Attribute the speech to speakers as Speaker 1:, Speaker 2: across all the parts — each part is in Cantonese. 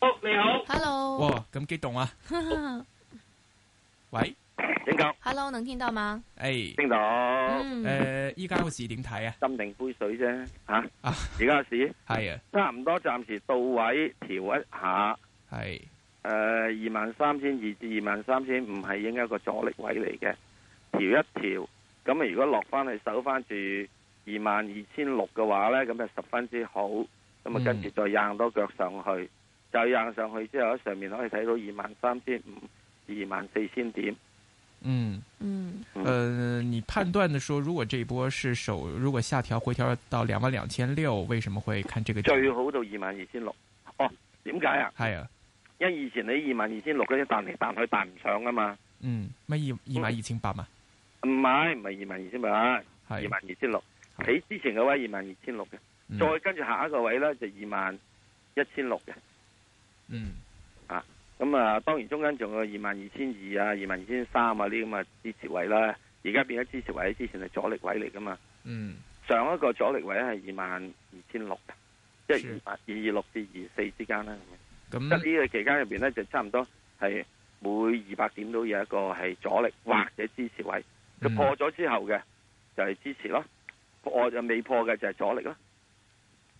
Speaker 1: 好、哦、你好，Hello，哇咁激動啊！
Speaker 2: 喂，
Speaker 1: 聽到，Hello，能聽到嗎？
Speaker 2: 誒、哎，聽到。誒、嗯，依家個市點睇啊？斟定杯水啫，吓
Speaker 3: 啊！而家個市係啊，差唔多暫時到位，調一下。係誒是，二萬三千二至二萬三千五係應該一個阻力位嚟嘅，調一調。咁啊，如果落翻去守翻住二萬二千六嘅話咧，咁就十分之好。咁啊，跟住再硬多腳上去。就硬上去之後，喺上面可以睇到二萬三千五、二萬四千點。嗯
Speaker 2: 嗯，誒、嗯呃，你判斷嘅說，如果這波是首，如果下調回調到兩萬兩千六，為什麼會看這個？最
Speaker 3: 好到二萬二千六。哦，點解啊？係啊，因為以前你二萬二千六咧，彈嚟彈去彈唔上㗎嘛。嗯，乜
Speaker 2: 二二萬二千八嘛？
Speaker 3: 唔係唔係，二萬二千八，係二萬二千六。喺是之前嘅位二萬二千六嘅，嗯、再跟住下一個位咧就二萬一千六嘅。嗯，啊、嗯，啊，咁啊，當然中間仲有二萬二千二啊，二萬二千三啊啲咁嘅支持位啦。而家變咗支持位，之前係阻力位嚟噶嘛。嗯，上一個阻力位咧係二萬二千六，即係二萬二二六至二四之間啦。
Speaker 4: 咁即係
Speaker 3: 呢個期間入邊咧，就差唔多係每二百點都有一個係阻力或者支持位。佢、嗯、破咗之後嘅就係支持咯，破就未破嘅就係阻力咯。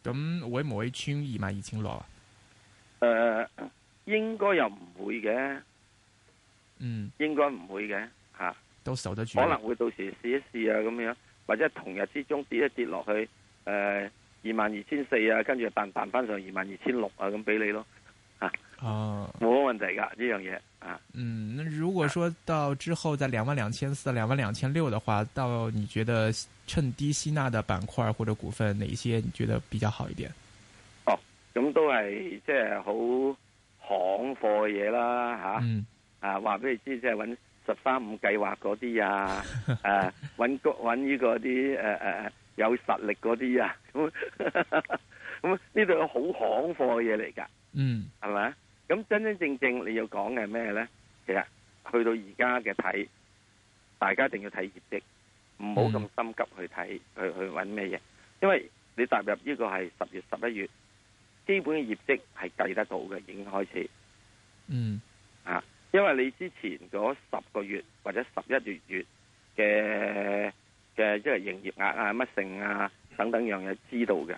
Speaker 2: 咁、嗯嗯、會唔會穿二萬二千六啊？
Speaker 3: 誒、呃，應該又唔會嘅，
Speaker 2: 嗯，
Speaker 3: 應該唔會嘅吓，啊、
Speaker 2: 都守得住。可能
Speaker 3: 會到時試一試啊，咁樣或者同日之中跌一跌落去，誒、呃，二萬二千四啊，跟住彈彈翻上二萬二千六啊，咁俾你咯，啊哦，冇、呃、問題噶呢樣嘢。啊，嗯，
Speaker 2: 那如果說到之後再兩萬兩千四、兩萬兩千六嘅話，到你覺得趁低吸納嘅板塊或者股份，哪一些你覺得比較好一點？
Speaker 3: 咁都係即係好行貨嘅嘢啦，吓、嗯、啊話俾你知，即係搵十三五計劃嗰啲啊，誒搵搵呢個啲誒誒有實力嗰啲啊，咁咁呢度有好行貨嘅嘢嚟噶，
Speaker 4: 嗯
Speaker 3: 係咪？咁真真正正你要講嘅係咩咧？其實去到而家嘅睇，大家一定要睇業績，唔好咁心急去睇、嗯、去去搵咩嘢，因為你踏入呢個係十月十一月。基本嘅業績係計得到嘅，已經開始。嗯啊，因為你之前嗰十個月或者十一月月嘅嘅即係營業額啊、乜性啊等等樣嘢知道嘅，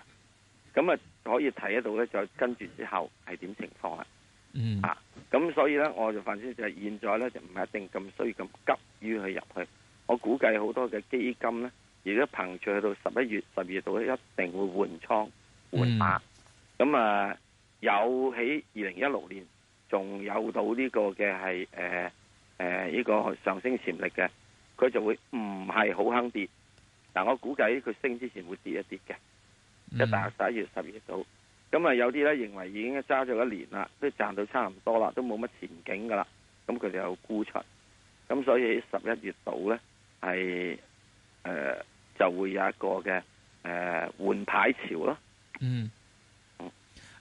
Speaker 3: 咁啊可以睇得到咧，再跟住之後係點情況、嗯、啊。嗯啊，咁所以咧，我就反正就係，現在咧就唔係一定咁需要咁急於去入去，我估計好多嘅基金咧，如果憑住去到十一月、十二月度咧，一定會換倉換碼。嗯咁啊，有喺二零一六年，仲有到呢個嘅係誒誒呢個上升潛力嘅，佢就會唔係好肯跌。嗱，我估計佢升之前會跌一跌嘅，一到十一月十二月度。咁啊，有啲咧認為已經揸咗一年啦，即係賺到差唔多啦，都冇乜前景噶啦。咁佢哋就沽出。咁所以喺十一月度咧，係誒、呃、就會有一個嘅誒換牌
Speaker 4: 潮咯。嗯。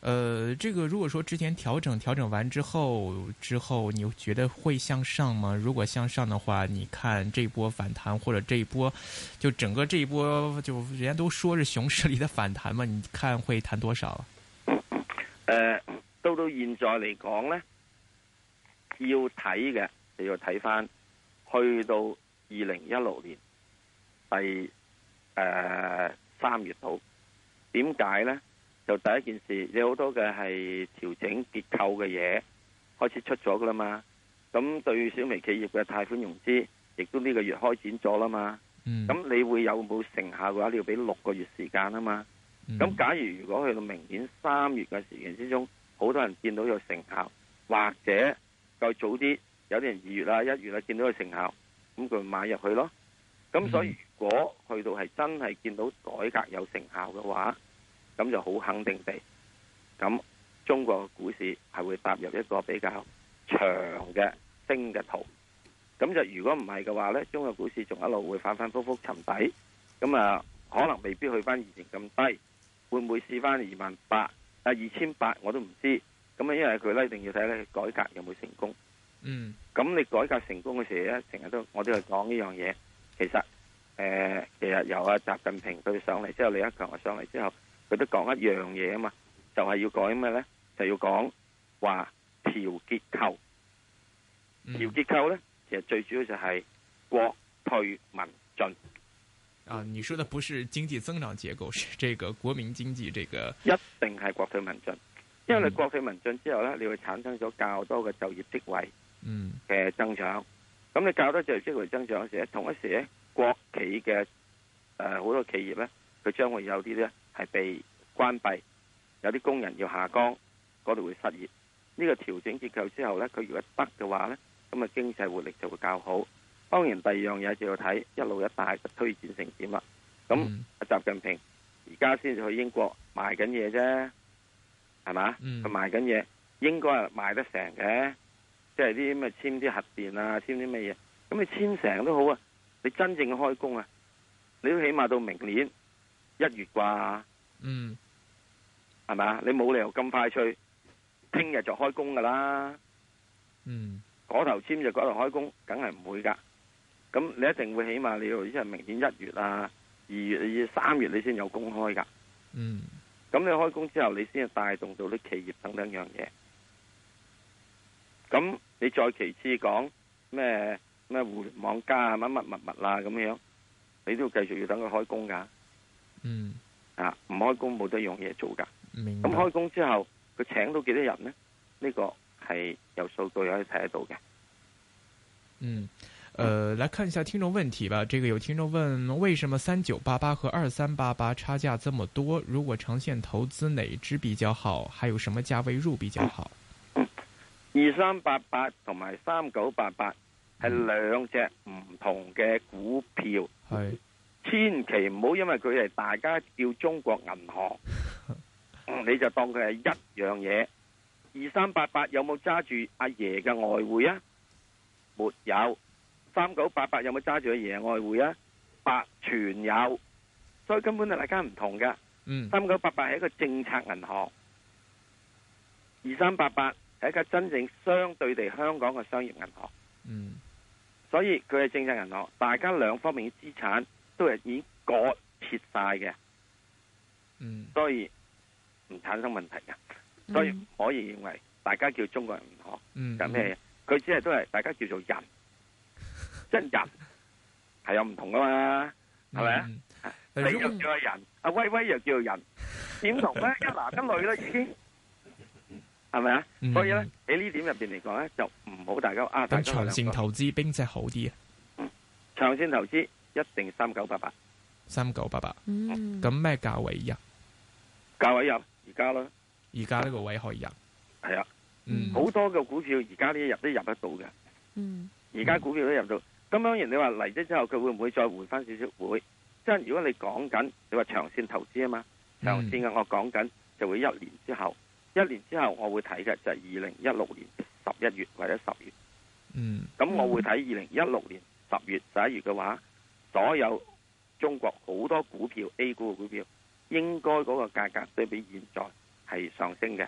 Speaker 2: 呃，這個如果說之前調整調整完之後之後，你又覺得會向上嗎？如果向上的話，你看這波反彈或者這一波，就整個這一波就，人家都說是熊市裏的反彈嘛？你看會彈多少？誒、
Speaker 3: 呃，到到現在嚟講咧，要睇嘅你要睇翻去到二零一六年第誒三、呃、月度，點解咧？就第一件事，你好多嘅係調整結構嘅嘢開始出咗噶啦嘛。咁對小微企業嘅貸款融資，亦都呢個月開展咗啦嘛。咁、嗯、你會有冇成效嘅話，你要俾六個月時間啊嘛。咁、嗯、假如如果去到明年三月嘅時間之中，好多人見到有成效，或者再早啲，有啲人二月啦、一月啦見到有成效，咁佢咪買入去咯。咁所以如果去到係真係見到改革有成效嘅話，咁就好肯定地，咁中國嘅股市係會踏入一個比較長嘅升嘅途。咁就如果唔係嘅話呢，中國股市仲一路會反反复覆沉底。咁啊，可能未必去翻以前咁低。會唔會試翻二萬八啊二千八？我都唔知。咁啊，因為佢咧一定要睇咧改革有冇成功。嗯。咁你改革成功嘅時候咧，成日都我都係講呢樣嘢。其實誒、呃，其實由阿習近平佢上嚟之後，李克強上嚟之後。佢都講一樣嘢啊嘛，就係、是、要講咩咧？就要講話調結構，調結構咧，嗯、其實最主要就係國
Speaker 2: 退、嗯、民進。啊，你說的不是經濟增長結構，是這個國民經濟這個。一定係國退民進，
Speaker 3: 因為你國退民進之後咧，嗯、你會產生咗較多嘅就業職位，嗯嘅增長。咁、嗯、你較多就業職位增長嗰時同一時咧，國企嘅誒好多企業咧，佢將會有啲咧。係被關閉，有啲工人要下崗，嗰度會失業。呢、呢個調整結構之後呢，佢如果得嘅話呢，咁啊經濟活力就會較好。當然第二樣嘢就要睇一路一帶嘅推展成點啦。咁啊，習、嗯、近平而家先至去英國賣緊嘢啫，係嘛？佢、嗯、賣緊嘢，應該係賣得成嘅。即係啲咩啊簽啲核電啊，簽啲咩嘢，咁你簽成都好啊。你真正嘅開工啊，你都起碼到明年。一月啩，嗯，係咪啊？你冇理由咁快催，聽日就開工噶啦，
Speaker 4: 嗯，
Speaker 3: 嗰頭簽就嗰頭開工，梗係唔會噶。咁你一定會起碼你要呢，係明年一月啊、二月、三月你先有公開噶，嗯。咁你開工之後，你先係帶動到啲企業等等樣嘢。咁你再其次講咩咩互聯網加啊、乜乜物物啊咁樣，你都要繼續要等佢開工噶。嗯，啊，唔開工冇得用嘢做噶，咁明白，開工之後佢請到幾多人呢？呢、這個係有數據可以睇得到嘅。嗯，
Speaker 2: 誒、呃，來看一下聽眾問題吧。這個有聽眾問：為什麼三九八八和二三八八差價這麼多？如果長線投資，哪支比較好？還有什麼價位入比較好？
Speaker 3: 嗯、二三八八同埋三九八八係兩隻唔同嘅股票。係、嗯。千祈唔好因為佢係大家叫中國銀行， 你就當佢係一樣嘢。二三八八有冇揸住阿爺嘅外匯啊？沒有。三九八八有冇揸住阿爺外匯啊？百全有。所以根本就大家唔同嘅。嗯。三九八八係一個政策銀行，二三八八係一個真正相對地香港嘅商業銀行。嗯。所以佢係政策銀行，大家兩方面嘅資產。都係已經割切晒嘅，
Speaker 4: 嗯，
Speaker 3: 所以唔產生問題嘅，所以可以認為大家叫中國人唔妥，就咩佢只係都係大家叫做人，即係人係有唔同噶嘛？係咪啊？你又叫人，阿威威又叫人，點同咧？一男一女啦，已經係咪啊？所以咧喺呢點入邊嚟講咧，就唔好大家啊。咁長線
Speaker 2: 投資，邊隻好啲啊？
Speaker 3: 長線投資。一定三九八八，
Speaker 2: 三九八八。嗯，咁咩價位入？
Speaker 3: 價位入？而家啦，
Speaker 2: 而家呢個位可以入，
Speaker 3: 係啊。嗯，好多嘅股票而家呢入都入得到嘅。嗯，而家股票都入到。咁當然你話嚟咗之後佢會唔會再回翻少少？會。即係如果你講緊你話長線投資啊嘛，
Speaker 4: 長線
Speaker 3: 嘅我講緊就會一年之後，一年之後我會睇嘅就係二零一六年十一月或者十月。嗯，
Speaker 4: 咁我會
Speaker 3: 睇二零一六年十月十一月嘅話。所有中國好多股票 A 股嘅股票，應該嗰個價格都比現在係上升嘅。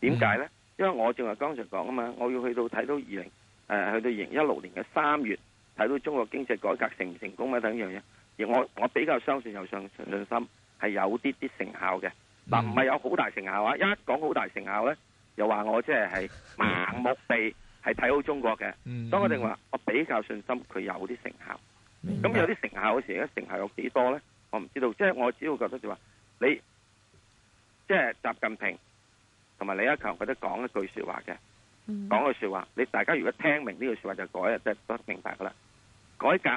Speaker 3: 點解呢？因為我正話剛才講啊嘛，我要去到睇到二零、呃、去到二零一六年嘅三月，睇到中國經濟改革成唔成功啊？等樣嘢。而我我比較相信有信信心係有啲啲成效嘅。嗱，唔係有好大成效啊！一講好大成效呢，又話我即係係盲目地係睇好中國嘅。所以我定話我比較信心佢有啲成效。咁有啲成效嘅時候，成效有幾多咧？我唔知道，即係我只要覺得就話你，即係習近平同埋李克強，覺得講一句說話嘅，講句說話，你大家如果聽明呢句說話就改，即係都明白噶啦。改革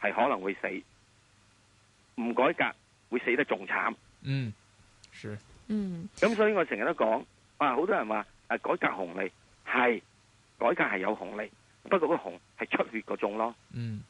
Speaker 3: 係可能會死，唔改革會死得仲慘。嗯，
Speaker 4: 是，嗯，
Speaker 3: 咁所以我成日都講，哇，好多人話誒，改革紅利係，改革係有紅利，不過個紅係出血個種咯。嗯。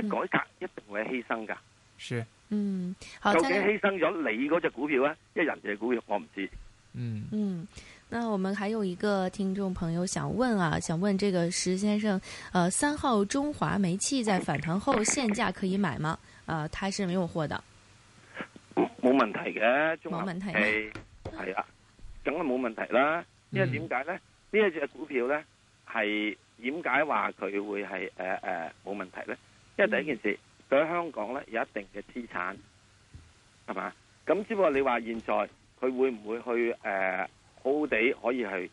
Speaker 3: 即係改革一定
Speaker 2: 會
Speaker 1: 犧牲噶，是嗯，好，究竟犧
Speaker 3: 牲咗你嗰隻股票咧，即人哋嘅股票我唔知。嗯嗯，
Speaker 1: 那我們還有一個聽眾朋友想問啊，想問這個石先生，呃三號中華煤氣在反彈後現價可以買嗎？啊、呃、他是沒有貨的，
Speaker 4: 冇
Speaker 3: 問題嘅中華冇問題係係啊，梗係冇問題啦。因為點解咧？呢一、嗯、隻股票咧係點解話佢會係誒誒冇問題咧？因為第一件事，佢喺香港咧有一定嘅資產，係嘛？咁只不過你話現在佢會唔會去誒、呃、好地可以去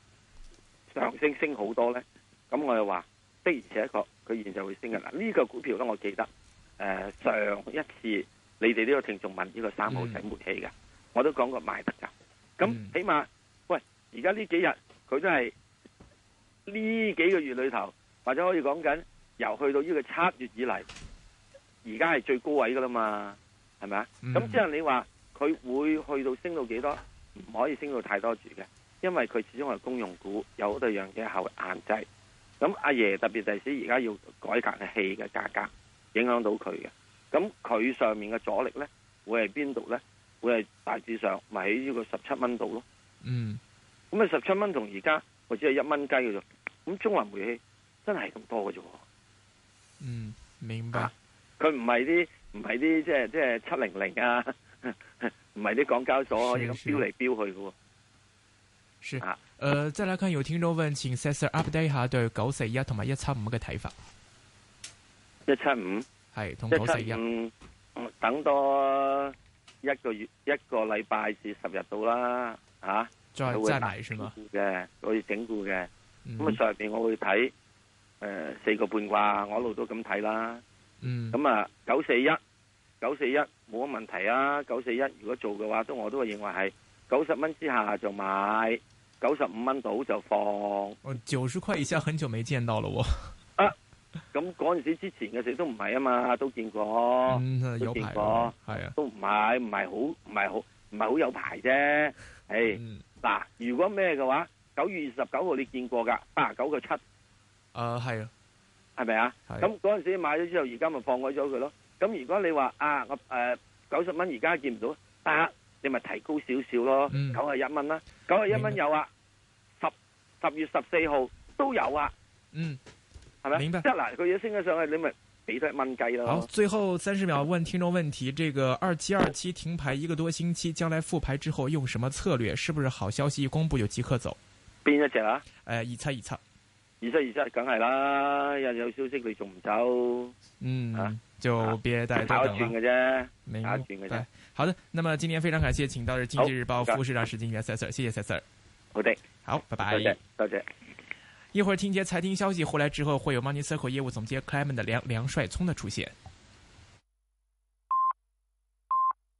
Speaker 3: 上升升好多咧？咁我又話的而且確佢現在會升嘅。嗱、呢、這個股票咧我記得誒、呃、上一次你哋呢個聽眾問呢個三號仔煤氣噶，我都講過賣得噶。咁起碼喂，而家呢幾日佢都係呢幾個月裏頭或者可以講緊。由去到呢個七月以嚟，而家係最高位噶啦嘛，係咪啊？咁之後你話佢會去到升到幾多？唔可以升到太多住嘅，因為佢始終係公用股，有好多樣嘢限制。咁阿爺，爺特別第先而家要改革嘅氣嘅價格，影響到佢嘅。咁佢上面嘅阻力咧，會係邊度咧？會係大致上咪喺呢個十七蚊度咯。就是、嗯，咁啊，十七蚊同而家我只係一蚊雞嘅啫。咁中華煤氣真係咁多嘅啫。嗯，明白。佢唔係啲唔係啲即係即係七零零啊，唔係啲港交所可以咁飚嚟飚去嘅。
Speaker 2: 是。誒，再來看有聽眾問，請石 Sir update 下對九四一同埋一七五嘅睇法。
Speaker 3: 一七五
Speaker 2: 係同九四一。一
Speaker 3: 七五，等多一個月一個禮拜至十日到啦，吓、啊，再來會大市嘅，會整固嘅。咁啊、嗯，上邊我會睇。誒、呃，四個半啩，我一路都咁睇啦。嗯，咁、嗯、啊，九四一，九四一冇乜問題啊。九四一如果做嘅話，都我都會認為係九十蚊之下就買，九十五蚊到就
Speaker 2: 放。九十塊以下很久沒見到了我。
Speaker 3: 啊，咁嗰陣時之前嘅時都唔係啊嘛，都見過，嗯、有都見過，係啊的，都唔係，唔係好，唔係好，唔係好，好有排啫。係、hey，嗯，嗱，如果咩嘅話，九月二十九號你見過噶八十九個七。
Speaker 2: 啊係啊，係咪啊？咁嗰
Speaker 3: 陣時買咗之後，而家咪放開咗佢咯。咁如果你話啊，我誒九十蚊而家見唔到，啊你咪提高少少咯，九十一蚊啦，九十一蚊有啊，十十白月十四號都有啊，嗯，係咪吧？明白。得啦，個嘢升咗上去，你咪俾多一蚊雞咯。好，最
Speaker 2: 後三十秒問聽眾問題，這個二七二七停牌一個多星期，將來復牌之後用什麼策略？是不是好消息一公布就即刻走？
Speaker 3: 邊一隻啊？誒、呃，
Speaker 2: 二七二七。
Speaker 3: 二七二七，梗係啦！又有消息，你仲唔走？
Speaker 2: 嗯，就別帶大、啊啊、打嘅啫，轉嘅啫。有的好的，那麼今天非常感謝，請到的《經濟日報》副社好長石鏡泉 Sir，謝謝 Sir。謝謝好的，好，拜拜多。多謝，謝。一會兒聽節財經消息回來之後，會有 Money Circle 業務總監 Clement 的梁梁帥聰的出現。